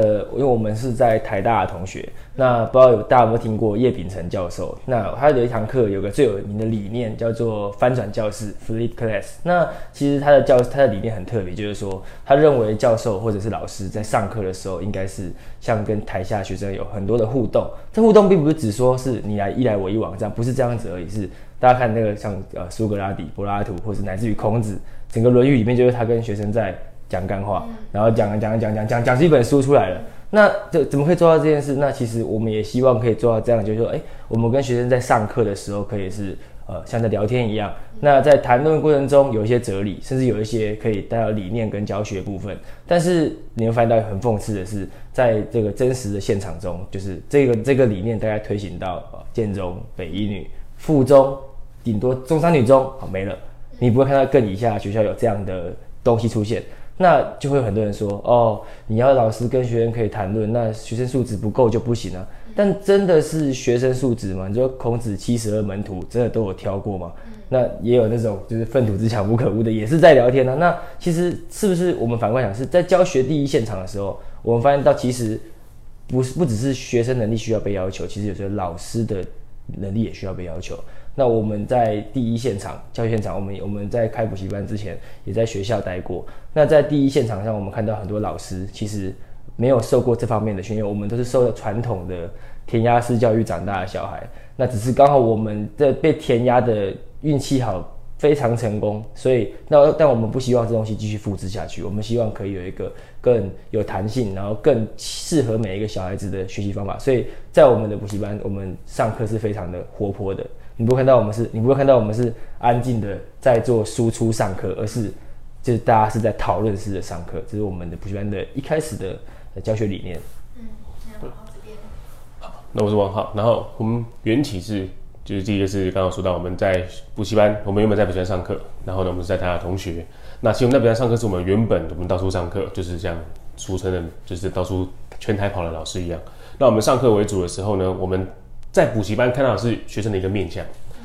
的，因為我們是在台大的同學，那不知道有大家有沒有聽過葉丙成教授？那他有一堂課，有個最有名的理念叫做“翻轉教室 ”（Flip Class）。那其實他的教他的理念很特別，就是說他認為教授或者是老師在上課的時候，應該是像跟台下學生有很多的互動。這互動並不是只說是你來一來我一往這樣，不是這樣子而已。是大家看那個像呃蘇格拉底、柏拉圖，或者是乃至於孔子，整個《論語》裡面就是他跟學生在。講幹話，嗯、然後講講講講講講是一本書出來了，嗯、那這怎麼會做到這件事？那其實我們也希望可以做到這樣，就是說，哎，我們跟學生在上課的時候可以是呃像在聊天一樣。嗯、那在談論過程中有一些哲理，甚至有一些可以帶到理念跟教學的部分。但是你會發現到很諷刺的是，在這個真實的現場中，就是這個這個理念大概推行到、呃、建中、北一女、附中，頂多中山女中好沒了，你不會看到更以下學校有這樣的東西出現。那就會有很多人說，哦，你要老師跟學生可以談論，那學生素質不夠就不行了啊。但真的是學生素質嘛？你說孔子七十二門徒真的都有挑過嗎？那也有那種就是糞土之牆不可杇的，也是在聊天呢啊。那其實是不是我們反過來想，是在教學第一現場的時候，我們發現到其實不是，不只是學生能力需要被要求，其實有些老師的能力也需要被要求。那我們在第一現場教育現場，我們我們在開補習班之前，也在學校待過。那在第一現場上，我們看到很多老師其實沒有受過這方面的訓練，我們都是受了傳統的填鴨式教育長大的小孩。那只是剛好我們在被填鴨的運氣好。非常成功，所以那但我們不希望這東西繼續複製下去，我們希望可以有一個更有彈性，然後更適合每一個小孩子的學習方法。所以在我們的補習班，我們上課是非常的活潑的。你不會看到我們是，你不會看到我們是安靜的在做輸出上課，而是就是大家是在討論式的上課。這是我們的補習班的一開始的教學理念。嗯，好，那我是王昊。然後我們緣起是。就是第一個是剛剛說到我們在補習班，我們原本在補習班上課，然後呢，我們是在台大的同學。那其實我們那補習班上課是我們原本我們到處上課，就是像俗稱的，就是到處全台跑的老師一樣。那我們上課為主的時候呢，我們在補習班看到的是學生的一個面向。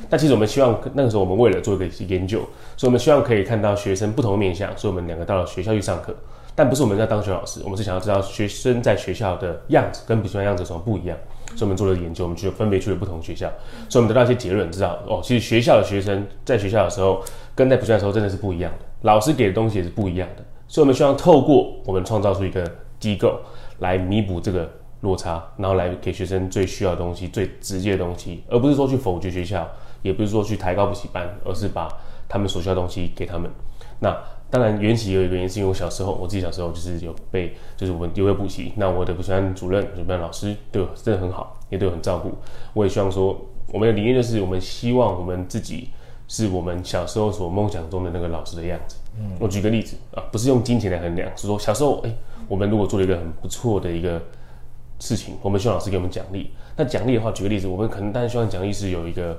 但其實我們希望那個時候我們為了做一個研究，所以我們希望可以看到學生不同的面向，所以我們兩個到了學校去上課，但不是我們在當學老師，我們是想要知道學生在學校的樣子跟補習班的樣子有什麼不一樣。所以我們做了研究，我們去分別去了不同學校，所以我們得到一些結論，知道哦，其實學校的學生在學校的時候，跟在補習的時候真的是不一樣的，老師給的東西也是不一樣的。所以我們希望透過我們創造出一個機構，來彌補這個落差，然後來給學生最需要的東西、最直接的東西，而不是說去否決學校，也不是說去抬高補習班，而是把他們所需要的東西給他們。那。當然，緣起有一個原因，是因為我小時候，我自己小時候就是有被，就是我們有被補習。那我的補習班主任、補習班老師對我真的很好，也對我很照顧。我也希望說，我們的理念就是，我們希望我們自己是我們小時候所夢想中的那個老師的樣子。嗯，我舉個例子啊，不是用金錢來衡量，是說小時候，哎、欸，我們如果做了一個很不錯的一個事情，我們希望老師給我們獎勵。那獎勵的話，舉個例子，我們可能當然希望獎勵是有一個。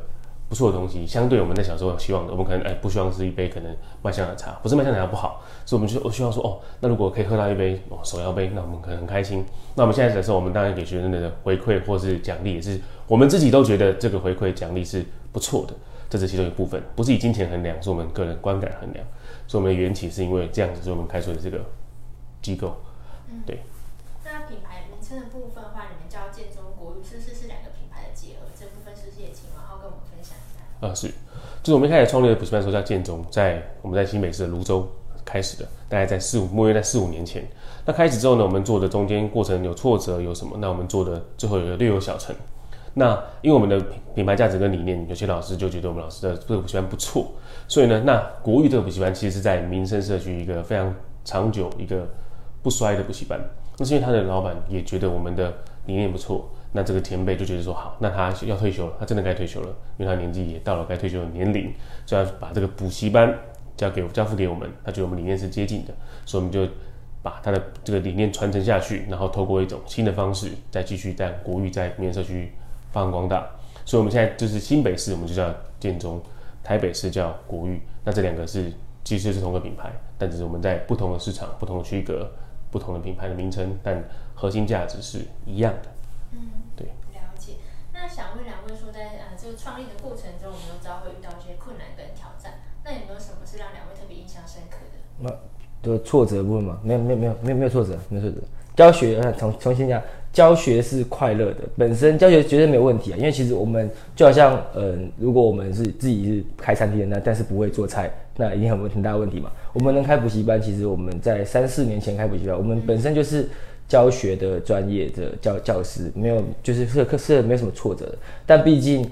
不錯的東西，相對我們在小時候有希望的，我們可能哎、呃、不希望是一杯可能麥香的茶，不是麥香的茶不好，所以我們就我希望說哦，那如果可以喝到一杯、哦、手搖杯，那我們可能很開心。那我們現在的時候，我們當然給學生的回饋或是獎勵也是，我們自己都覺得這個回饋獎勵是不錯的，這是其中一部分，不是以金錢衡量，是我們個人觀感衡量，所以我們的緣起是因為這樣子，所以我們開出了這個機構。對，那品牌名稱的部分的話。呃、嗯，是，就是我們一開始創立的補習班，的時候叫建中，在我們在新北市的蘆洲開始的，大概在四五，莫約在四五年前。那開始之後呢，我們做的中間過程有挫折，有什麼？那我們做的最後有一個略有小成。那因為我們的品品牌價值跟理念，有些老師就覺得我們老師的這個補習班不錯，所以呢，那國譽這個補習班其實是在民生社區一個非常長久、一個不衰的補習班。那是因為他的老板也覺得我們的理念不錯。那這個前輩就覺得說好，那他要退休了，他真的該退休了，因為他年紀也到了該退休的年齡，就要把這個補習班交給、交付給我們，他覺得我們理念是接近的，所以我們就把他的這個理念傳承下去，然後透過一種新的方式，再繼續在國譽、在民生社區發揚光大。所以，我們現在就是新北市我們就叫建中，台北市叫國譽，那這兩個是其實是同個品牌，但只是我們在不同的市場、不同的區隔、不同的品牌的名稱，但核心價值是一樣的。嗯，對，了解。那想問兩位說在，在呃這個創業的過程中，我們都知道會遇到一些困難跟挑戰。那有沒有什麼是讓兩位特別印象深刻的？那就是、挫折部分嘛？沒有，沒有，沒有，沒有，沒有挫折，沒有挫折。教學，啊、重重新講，教學是快樂的，本身教學絕對沒有問題啊。因為其實我們就好像，嗯、呃，如果我們是自己是開餐廳的，那但是不會做菜，那一定很問很大問題嘛。我們能開補習班，其實我們在三四年前開補習班，我們本身就是。嗯教學的專業的教教師沒有，就是是可是沒有什麼挫折，但畢竟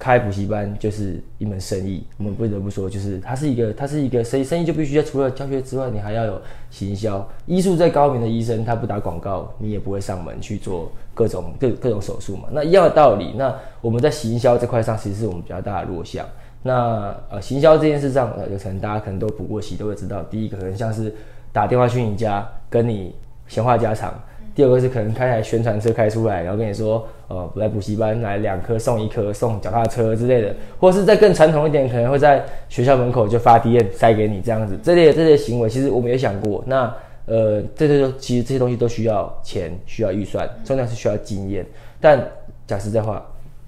開補習班就是一門生意，我們不得不說，就是他是一個他是一個生意，生意就必須要除了教學之外，你還要有行銷。醫術再高明的醫生，他不打廣告，你也不會上門去做各種各各種手術嘛。那一樣的道理，那我們在行銷這塊上，其實是我們比較大的弱項。那呃，行銷這件事上，有、呃、可能大家可能都補過習，都會知道，第一個可能像是打電話去你家，跟你。閒話家常，第二個是可能開台宣傳車開出來，然後跟你說，呃，來補習班來兩科送一科送腳踏車之類的，或者是再更傳統一點，可能會在學校門口就發 DM 塞給你這樣子。這類的這些行為其實我們也想過，那呃，這就其實這些東西都需要錢，需要預算，重要是需要經驗。但講實在話，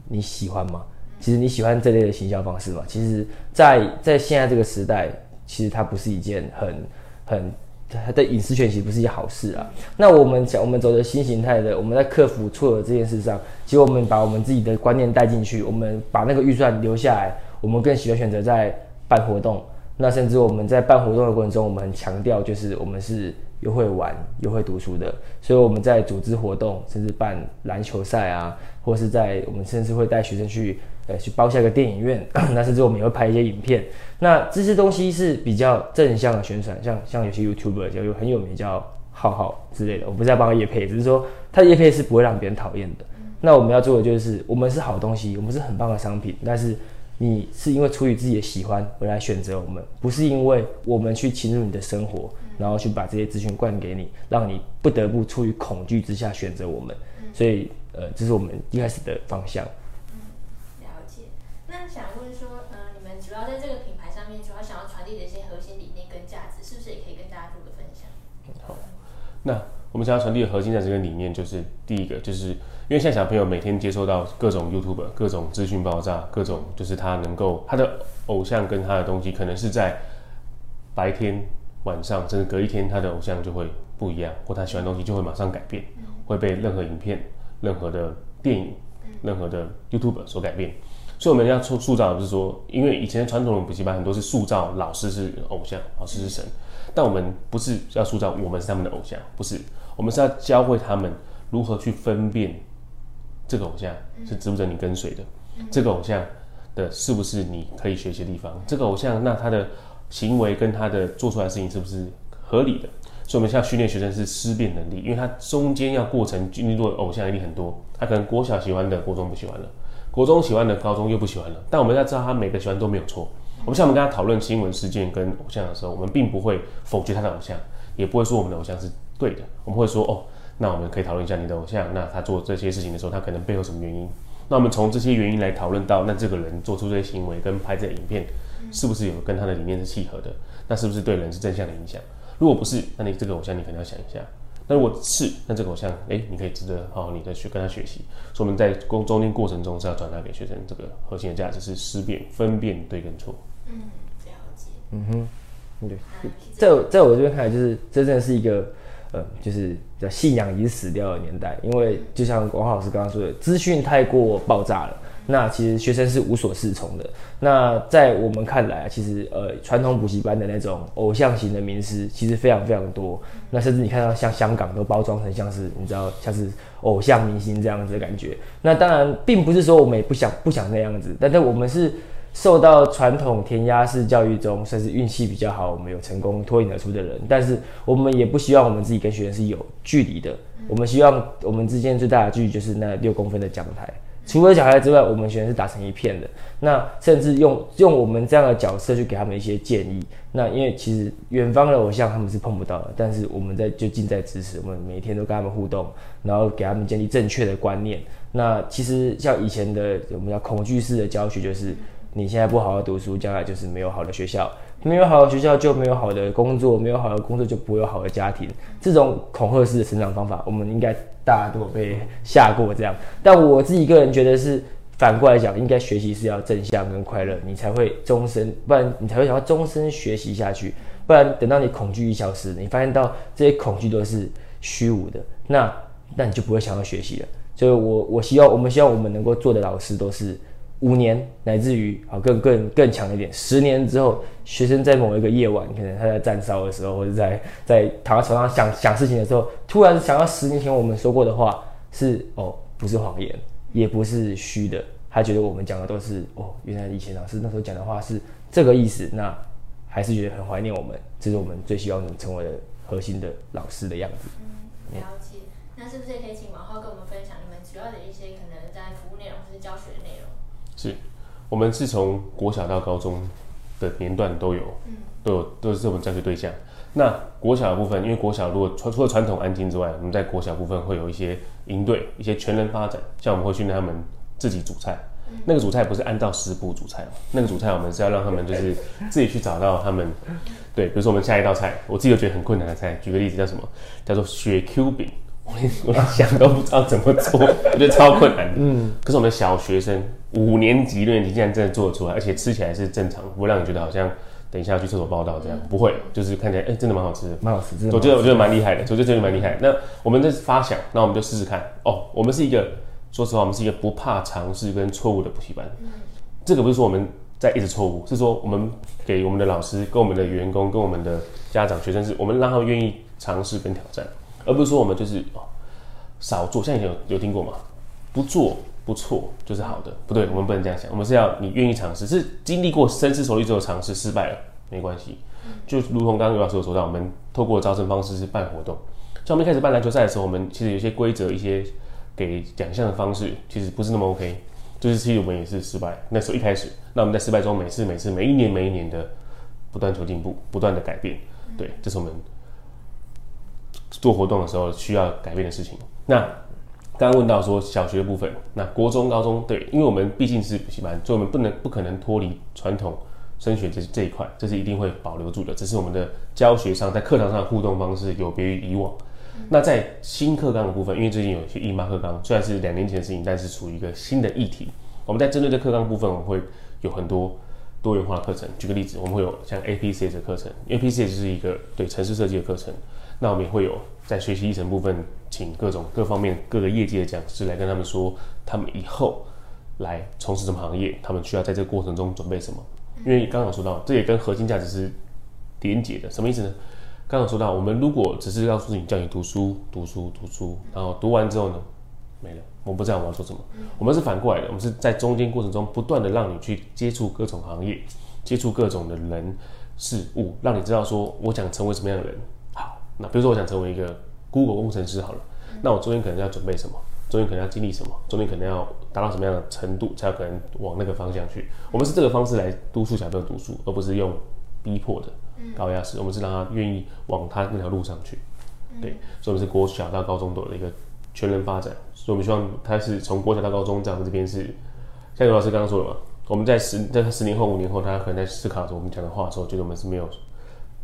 你喜歡嗎？其實你喜歡這類的行銷方式嗎？其實在，在在現在這個時代，其實它不是一件很很。他的隱私權其實不是一件好事啊。那我們講，我們走的新形態的，我們在克服錯誤這件事上，其實我們把我們自己的觀念帶進去，我們把那個預算留下來，我們更喜歡選擇在辦活動。那甚至我們在辦活動的過程中，我們很強調就是我們是。又會玩又會讀書的，所以我們在組織活動，甚至辦籃球賽啊，或是在我們甚至會帶學生去，呃，去包下一個電影院。呵呵，那甚至我們也會拍一些影片。那這些東西是比較正向的宣傳，像像有些 YouTuber 就有很有名叫浩浩之類的，我不是在幫他業配，只是說他的業配是不會讓別人討厭的。嗯、那我們要做的就是，我們是好東西，我們是很棒的商品，但是。你是因為出於自己的喜歡而來選擇我們，不是因為我們去侵入你的生活，然後去把這些資訊灌給你，讓你不得不出於恐懼之下選擇我們。所以，呃，這是我們一開始的方向。嗯，了解。那想問說，呃，你們主要在這個品牌上面，主要想要傳遞的一些核心理念跟價值，是不是也可以跟大家做個分享？嗯，好，那。我們想要傳遞的核心在這個理念，就是第一個，就是因為現在小朋友每天接受到各種 YouTuber、各種資訊爆炸、各種就是他能夠他的偶像跟他的東西，可能是在白天、晚上，甚至隔一天他的偶像就會不一樣，或他喜歡的東西就會馬上改變，會被任何影片、任何的電影、任何的 YouTuber 所改變。所以我們要塑塑造的是說，因為以前傳統的補習班很多是塑造老師是偶像，老師是神，但我們不是要塑造，我們是他們的偶像，不是。我們是要教會他們如何去分辨這個偶像是值不值得你跟隨的，這個偶像的是不是你可以學習的地方？這個偶像那他的行為跟他的做出來的事情是不是合理的？所以，我們現在訓練學生是思辨能力，因為他中間要過程，因為偶像一定很多，他可能國小喜歡的，國中不喜歡了；國中喜歡的，高中又不喜歡了。但我們要知道，他每個喜歡都沒有錯。我們像我們跟他討論新聞事件跟偶像的時候，我們並不會否決他的偶像，也不會說我們的偶像是。對的，我們會說哦，那我們可以討論一下你的偶像，那他做這些事情的時候，他可能背後什麼原因？那我們從這些原因來討論到，那這個人做出這些行為跟拍這些影片，是不是有跟他的理念是契合的？那是不是對人是正向的影響？如果不是，那你這個偶像你可能要想一下；那如果是，那這個偶像，誒，你可以值得好、哦、你再去跟他學習，所以我們在中間過程中是要傳達給學生這個核心的價值是思辨、分辨對跟錯。嗯，這樣子。嗯哼，對，在在我這邊看來，就是這真的是一個。呃、嗯，就是叫信仰已經死掉的年代，因為就像王老師剛剛說的，資訊太過爆炸了，那其實學生是無所適從的。那在我們看來，其實呃，傳統補習班的那種偶像型的名師，其實非常非常多。那甚至你看到像香港都包裝成像是你知道像是偶像明星這樣子的感覺。那當然，並不是說我們也不想不想那樣子，但是我們是，受到傳統填鴨式教育中，算是運氣比較好，我們有成功脫穎而出的人，但是我們也不希望我們自己跟學員是有距離的。我們希望我們之間最大的距離就是那六公分的講台。除了講台之外，我們學員是打成一片的。那甚至用用我們這樣的角色去給他們一些建議。那因為其實遠方的偶像他們是碰不到的，但是我們在就近在咫尺，我們每天都跟他們互動，然後給他們建立正確的觀念。那其實像以前的我們叫恐懼式的教學就是。你現在不好好讀書，將來就是沒有好的學校，沒有好的學校就沒有好的工作，沒有好的工作就不會有好的家庭。這種恐嚇式的成長方法，我們應該大家都被嚇過這樣。但我自己個人覺得是反過來講，應該學習是要正向跟快樂，你才會終身，不然你才會想要終身學習下去。不然等到你恐懼一消失，你發現到這些恐懼都是虛無的，那那你就不會想要學習了。所以我，我我希望，我們希望我們能夠做的老師都是。五年，乃至於啊、哦、更更更強一點。十年之後，學生在某一個夜晚，可能他在站哨的時候，或者在在躺在床上想想事情的時候，突然想到十年前我們說過的話是哦，不是謊言，也不是虛的。他覺得我們講的都是哦，原來以前老師那時候講的話是這個意思。那還是覺得很懷念我們，這是我們最希望能成為核心的老師的樣子。嗯、了解，嗯、那是不是也可以請王昊跟我們？是我們是從國小到高中的年段都有，都有，都是這部分教學對象。那國小的部分，因為國小如果除了傳統安親之外，我們在國小部分會有一些營隊，一些全能發展，像我們會訓練他們自己煮菜。那個煮菜不是按照食譜煮菜哦，那個煮菜我們是要讓他們就是自己去找到他們。對，比如說我們下一道菜，我自己就覺得很困難的菜，舉個例子叫什麼？叫做雪 Q 餅。我連我想都不知道怎麼做， 我覺得超困難的。嗯。可是我們的小學生五年級的年紀，你竟然真的做出來，而且吃起來是正常，不會讓你覺得好像等一下要去廁所報到這樣。嗯、不會，就是看起來，哎、欸，真的蠻好吃的，蠻好吃。我覺得蠻我覺得蠻厲害的，我覺得真的蠻厲害。嗯、那我們這是發想，那我們就試試看。哦，我們是一個，說實話，我們是一個不怕嘗試跟錯誤的補習班。嗯。這個不是說我們在一直錯誤，是說我們給我們的老師、跟我們的員工、跟我們的家長、學生，是我們讓他們願意嘗試跟挑戰。而不是說我們就是少做，像以前有有聽過嗎？不做不錯就是好的，不對，我們不能這樣想，我們是要你願意嘗試，是經歷過深思熟慮之後嘗試，失敗了沒關係，就如同剛剛游老師有說到，我們透過招生方式是辦活動，像我們一開始辦籃球賽的時候，我們其實有些規則、一些給獎項的方式，其實不是那麼 OK，就是其實我們也是失敗，那時候一開始，那我們在失敗中每，每次每次每一年每一年的不斷求進步，不斷的改變，對，這、就是我們。做活動的時候需要改變的事情。那剛剛問到說小學的部分，那國中、高中對，因為我們畢竟是補習班，所以我們不能、不可能脫離傳統升學這這一塊，這是一定會保留住的。只是我們的教學上，在課堂上的互動方式有別於以往。嗯、那在新課綱的部分，因為最近有一些義媽課綱雖然是兩年前的事情，但是處於一個新的議題。我們在針對這課綱部分，我們會有很多多元化課程。舉個例子，我們會有像 APCS 的課程，APCS 就是一個對程式設計的課程。那我們也會有在學習議程部分，請各種各方面各個業界的講師來跟他們說，他們以後來從事什麼行業，他們需要在這個過程中準備什麼。因為剛剛說到，這也跟核心價值是連結的，什麼意思呢？剛剛說到，我們如果只是告訴你叫你讀書讀書讀書，然後讀完之後呢，沒了，我不知道我要做什麼。我們是反過來的，我們是在中間過程中不斷的讓你去接觸各種行業，接觸各種的人事物，讓你知道說，我想成為什麼樣的人。那比如說我想成為一個 Google 工程師好了，嗯、那我中間可能要準備什麼？中間可能要經歷什麼？中間可能要達到什麼樣的程度才有可能往那個方向去？嗯、我們是這個方式來督促小朋友讀書，而不是用逼迫的高、高壓式。我們是讓他願意往他那條路上去。對，嗯、所以我們是國小到高中的一個全人發展，所以我們希望他是從國小到高中在我們這邊是，像劉老師剛剛說的嘛，我們在十在十年後、五年後，他可能在思考着我們講的話的時候，覺得我們是沒有。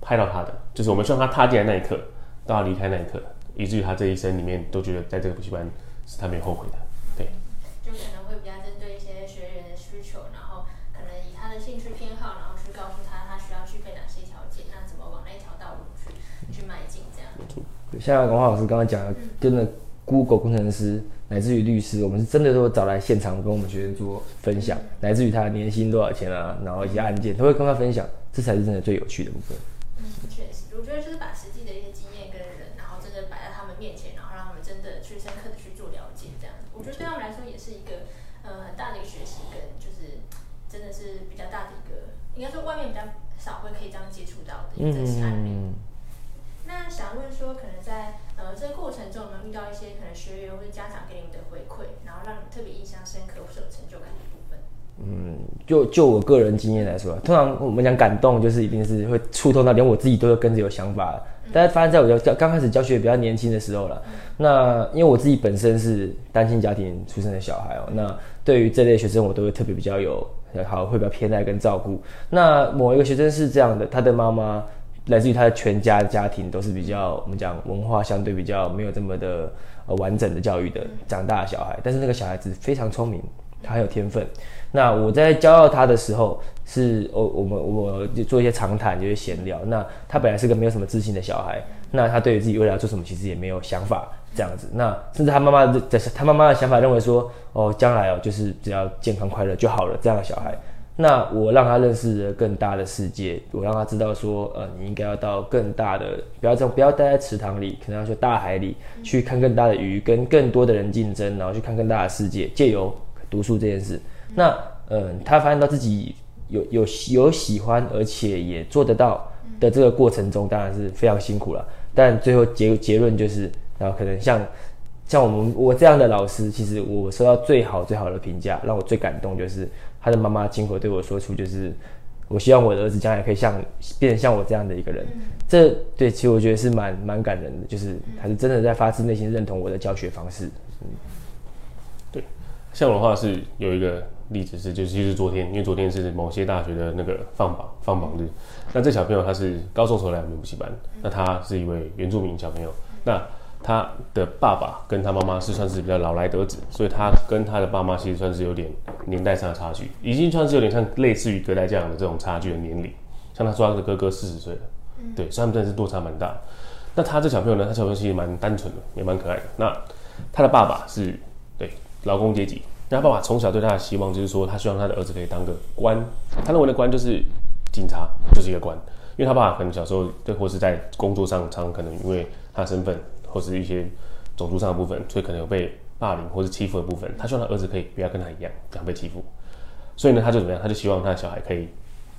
拍到他的，就是我們希望他踏進來那一刻，到他離開那一刻，以至於他這一生裡面都覺得在這個補習班是他沒有後悔的。對，嗯、就可能會比較針對一些學員的需求，然後可能以他的興趣偏好，然後去告訴他他需要具備哪些條件，那怎麼往那條道路去去邁進。這樣。像王昊老師剛剛講，嗯、跟着 Google 工程師乃至於律師，我們是真的都會找來現場跟我們學員做分享，嗯、乃至於他年薪多少錢啊，然後一些案件，他會跟他分享，這才是真的最有趣的部分。所以就是把實際的一些經驗跟人，然後真的擺在他們面前，然後讓他們真的去深刻的去做了解。這樣，我覺得對他們來說也是一個，呃，很大的一個學習，跟就是真的是比較大的一個，應該說外面比較少會可以這樣接觸到的一個真實案例。mm hmm. 那想問說，可能在呃這個過程中，有沒有遇到一些可能學員或者家長給你們的回饋，然後讓你們特別印象深刻或者有成就感的部分？嗯，就就我個人經驗來說，通常我們講感動，就是一定是會觸動到，連我自己都會跟着有想法。但是發現在我教剛開始教學比較年輕的時候了，那因為我自己本身是單親家庭出生的小孩哦、喔，那對於這類學生，我都會特別比較有好會比較偏愛跟照顧。那某一個學生是這樣的，他的媽媽來自於他的全家的家庭都是比較我們講文化相對比較沒有這麼的、呃、完整的教育的長大的小孩，但是那個小孩子非常聰明，他很有天分。那我在教到他的時候是，是、哦、我我們我就做一些長談，有些閒聊。那他本來是個沒有什麼自信的小孩，那他對於自己未來做什麼其實也沒有想法，這樣子。那甚至他媽媽在，他媽媽的想法認為說，哦，將來哦，就是只要健康快樂就好了這樣的小孩。那我讓他認識了更大的世界，我讓他知道說，呃，你應該要到更大的，不要這樣，不要待在池塘裡，可能要去大海裡去看更大的魚，跟更多的人競爭，然後去看更大的世界，借由讀書這件事。那嗯、呃，他發現到自己有有有喜歡，而且也做得到的這個過程中，當然是非常辛苦了。但最後結結論就是，然後可能像像我們我這樣的老師，其實我收到最好最好的評價，讓我最感動就是他的媽媽親口對我說出，就是我希望我的兒子將來可以像變成像我這樣的一個人。嗯、這對，其實我覺得是蠻蠻感人的，就是他是真的在發自內心認同我的教學方式。嗯、對，像我的話是有一個。例子是，就是就是昨天，因為昨天是某些大學的那個放榜放榜日。那這小朋友他是高中時候來我們補習班，那他是一位原住民小朋友。那他的爸爸跟他媽媽是算是比較老來得子，所以他跟他的爸媽其實算是有點年代上的差距，已經算是有點像類似於隔代教養的這種差距的年齡。像他說他的哥哥四十歲了，對，雖然真的是落差蠻大。那他這小朋友呢，他小朋友其實蠻單純的，也蠻可愛的。那他的爸爸是，對，勞工階級。然後他爸爸從小對他的希望就是說，他希望他的兒子可以當個官。他認為的官就是警察，就是一個官。因為他爸爸可能小時候對，或是在工作上，常常可能因為他身份或是一些種族上的部分，所以可能有被霸凌或是欺負的部分。他希望他兒子可以不要跟他一樣，不要被欺負。所以呢，他就怎麼樣？他就希望他的小孩可以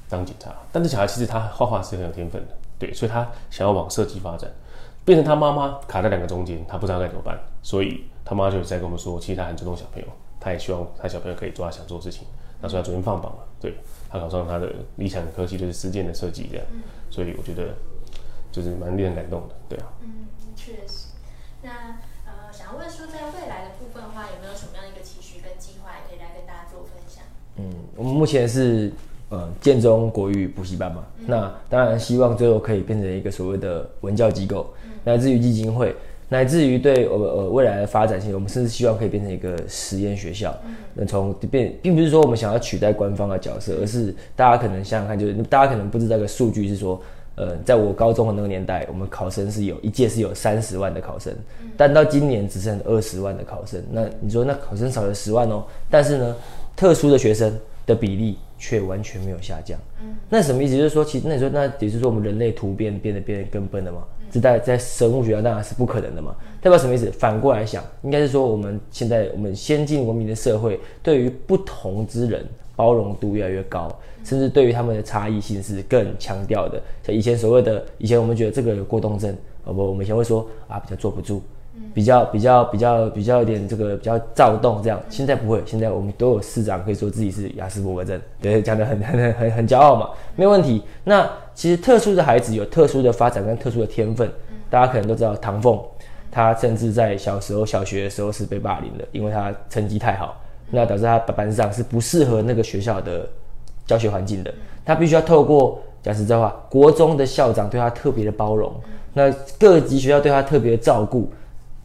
當警察。但是小孩其實他畫畫是很有天分的，對，所以他想要往設計發展，變成他媽媽卡在兩個中間，他不知道該怎麼辦。所以他媽就在跟我們說，其實他很尊重小朋友。他也希望他小朋友可以做他想做的事情，那所以他昨天放榜了，對，他考上他的理想科系就是實踐的設計這樣，嗯、所以我覺得就是蠻令人感動的，對啊。嗯，確實。那呃，想要問說在未來的部分的話，有沒有什麼樣一個期許跟計劃，也可以來跟大家做分享？嗯，我們目前是呃建中國譽補習班嘛，嗯、那當然希望最後可以變成一個所謂的文教機構，來自於基金會。乃至於對我們呃未來的發展性，我們甚至希望可以變成一個實驗學校。那、嗯、從變並不是說我們想要取代官方的角色，嗯、而是大家可能想想看，就是大家可能不知道個數據是說，呃，在我高中的那個年代，我們考生是有一屆是有三十萬的考生，但、嗯、到今年只剩二十萬的考生。那你說那考生少了十萬哦，嗯、但是呢，特殊的學生的比例卻完全沒有下降。嗯、那什麼意思？就是說，其實那你說那也就是說我們人類突變變得變得更笨了嗎？這在在生物學上當然是不可能的嘛，代表什麼意思？反過來想，應該是說我們現在我們先進文明的社會，對於不同之人包容度越來越高，甚至對於他們的差異性是更強調的。像以前所謂的，以前我們覺得這個人有過動症，哦不，我們以前會說啊，比較坐不住。比較比較比較比較有點這個比較躁動這樣，現在不會，現在我們都有市長可以說自己是亞斯伯格症，對，講得很很很很驕傲嘛，沒有問題。那其實特殊的孩子有特殊的發展跟特殊的天分，大家可能都知道唐鳳，他甚至在小時候小學的時候是被霸凌的，因為他成績太好，那導致他班上是不適合那個學校的教學環境的，他必須要透過講實在話，國中的校長對他特別的包容，那各級學校對他特別照顧。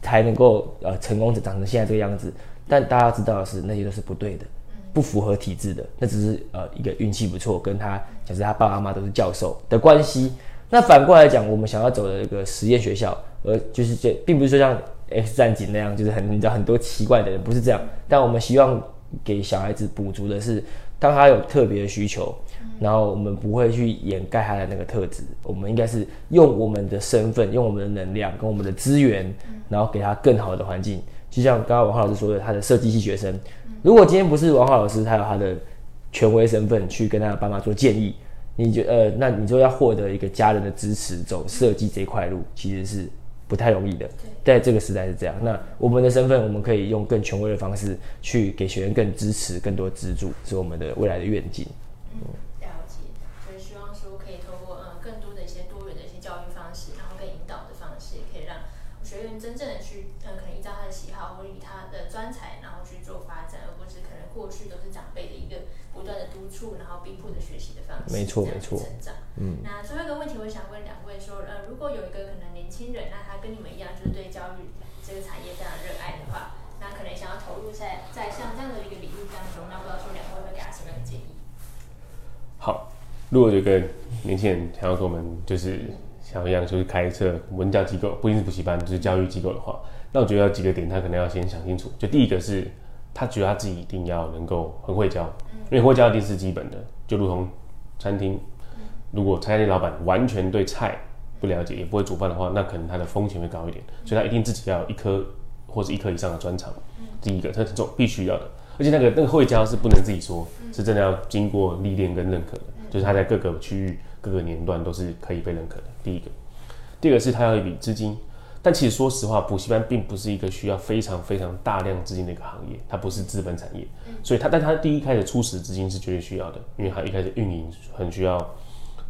才能夠呃成功，長成現在這個樣子。但大家知道的是，那些都是不對的，不符合體制的。那只是呃一個運氣不錯，跟他就是他爸爸媽媽都是教授的關係。那反過來講，我們想要走的一個實驗學校，而就是這，並不是說像《X 戰警》那樣，就是很你知道很多奇怪的人，不是這樣。但我們希望給小孩子補足的是。當他有特別的需求，然後我們不會去掩蓋他的那個特質，我們應該是用我們的身份、用我們的能量跟我們的資源，然後給他更好的環境。就像剛剛王昊老師說的，他的設計系學生，如果今天不是王昊老師，他有他的權威身份去跟他的爸媽做建議，你覺呃，那你就要獲得一個家人的支持走設計這一塊路，其實是。不太容易的，在這個時代是這樣。那我們的身份，我們可以用更權威的方式去給學員更支持、更多資助，是我們的未來的願景。嗯，了解。所以希望說，可以透過嗯更多的一些多元的一些教育方式，然後更引導的方式，可以讓學員真正的去嗯可能依照他的喜好或者以他的專才，然後去做發展，而不是可能過去都是長輩的一個不斷的督促，然後逼迫的學習的方式，沒錯沒錯。成長嗯。那最後一個問題，我想問兩位說，呃、嗯，如果有一個可能。年輕人，那他跟你們一樣，就是對教育這個產業非常熱愛的話，那可能想要投入在在像這樣的一個領域當中，那不知道說兩位會給他什麼樣的建議？好，如果有一個年輕人想要跟我們就是像一樣，就是開一個文教機構，不一定是補習班，就是教育機構的話，那我覺得有幾個點他可能要先想清楚。就第一個是，他覺得他自己一定要能夠很會教，嗯、因為會教一定是基本的，就如同餐廳，嗯、如果餐廳老闆完全對菜不了解，也不會煮飯的話，那可能他的風險會高一點，所以他一定自己要一科或者一科以上的專長。第一個他是做必須要的，而且那個那個會教是不能自己說，是真的要經過歷練跟認可的，就是他在各個區域各個年段都是可以被認可的。第一個，第二個是他要一筆資金，但其實說實話，補習班並不是一個需要非常非常大量資金的一個行業，它不是資本產業，所以他但他第一開始初始資金是絕對需要的，因為他一開始運營很需要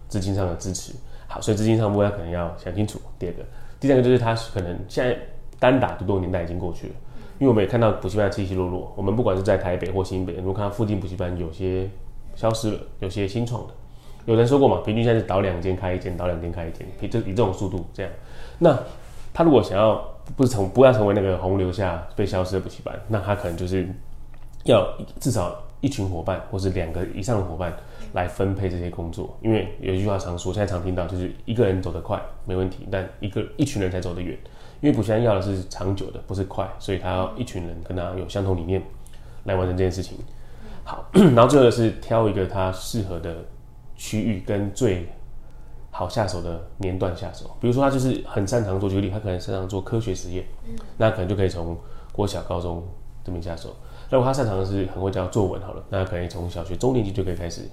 資金上的支持。好，所以資金上，大家可能要想清楚。第二個，第三個就是他可能現在單打獨鬥年代已經過去了，因為我們也看到補習班起起落落。我們不管是在台北或新北，如果看到附近補習班有些消失了，有些新創的。有人說過嘛，平均現在是倒兩間開一間，倒兩間開一間，以這以這種速度這樣。那他如果想要不是成不要成為那個洪流下被消失的補習班，那他可能就是要至少一群夥伴，或是兩個以上的夥伴來分配這些工作，因為有一句話常說，現在常聽到就是一個人走得快沒問題，但一個一群人才走得遠。因為補習班要的是長久的，不是快，所以他要一群人跟他有相同理念來完成這件事情。好，然後最後的是挑一個他適合的區域跟最好下手的年段下手。比如說他就是很擅長做舉例，他可能擅長做科學實驗，那可能就可以從國小、高中這邊下手。如果他擅長的是很會教作文，好了，那可能從小學中年級就可以開始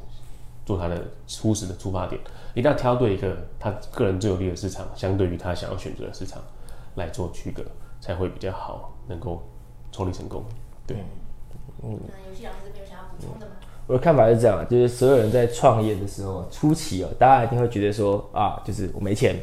做他的初始的出發點。一定要挑對一個他個人最有利的市場，相對於他想要選擇的市場來做區隔，才會比較好，能夠創立成功。對。那游矽老師沒有想要補充的嗎？我的看法是這樣，就是所有人在創業的時候初期哦、喔，大家一定會覺得說啊，就是我沒錢。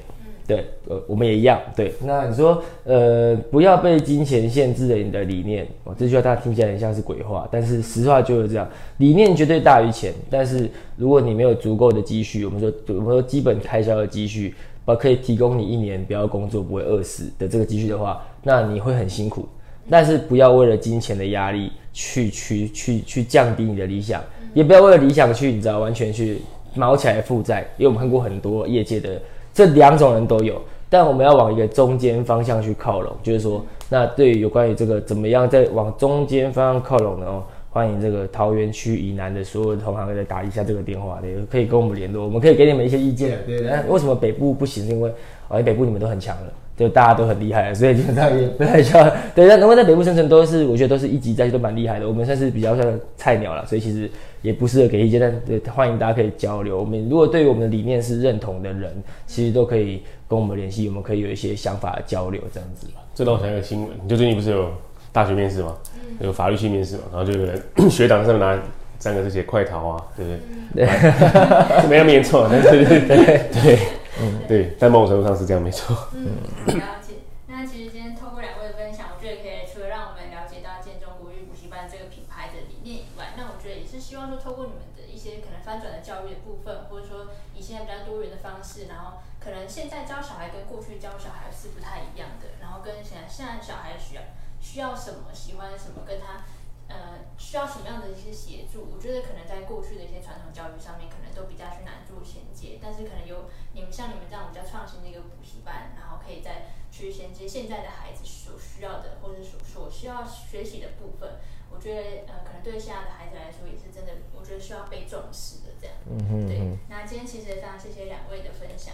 對，呃，我們也一樣。對，那你說，呃，不要被金錢限制了你的理念。哇，這句話大家聽起來很像是鬼話，但是實話就是這樣。理念絕對大於錢，但是如果你沒有足夠的積蓄，我們說，我們說基本開銷的積蓄，呃，可以提供你一年不要工作不會餓死的這個積蓄的話，那你會很辛苦。但是不要為了金錢的壓力去去、去去降低你的理想，也不要為了理想去你知道完全去卯起來負債。因為我們看過很多業界的。這兩種人都有，但我們要往一個中間方向去靠攏，就是說，那對於有關於這個怎麼樣在往中間方向靠攏呢？歡迎這個桃園區以南的所有同行人來打一下這個電話，也可以跟我們聯絡，我們可以給你們一些意見。對，對，對。為什麼北部不行？因為好像，哦，北部你們都很強的。就大家都很厲害，所以基本上也不太需要。對，那能夠在北部生存都是，我覺得都是一級在一起都蠻厲害的。我們算是比較像菜鳥了，所以其實也不是給意見，但歡迎大家可以交流。我們如果對於我們的理念是認同的人，其實都可以跟我們聯繫，我們可以有一些想法交流這樣子嘛。這讓我想到一個新聞，就最近不是有大學面試嘛，嗯、有法律系面試嘛，然後就有個人 學長在那邊拿三個這些快逃啊，對不對？對，沒有念錯，對對對對。嗯，對，在某種程度上是這樣沒，沒錯對。對嗯，對了解。那其實今天透過兩位的分享，我覺得可以除了讓我們了解到建中國譽補習班這個品牌的理念以外，那我覺得也是希望說，透過你們的一些可能翻轉的教育的部分，或者說以現在比較多元的方式，然後可能現在教小孩跟過去教小孩是不太一樣的，然後跟現在現在小孩需要需要什麼，喜歡什麼，跟他。呃，需要什麼樣的一些協助？我覺得可能在過去的一些傳統教育上面，可能都比較去難做銜接，但是可能有你們像你們這樣比較創新的一個補習班，然後可以再去銜接現在的孩子所需要的，或者所所需要學習的部分。我覺得呃，可能對現在的孩子來說也是真的，我覺得需要被重視的這樣。嗯哼嗯哼，對，那今天其實也非常謝謝兩位的分享。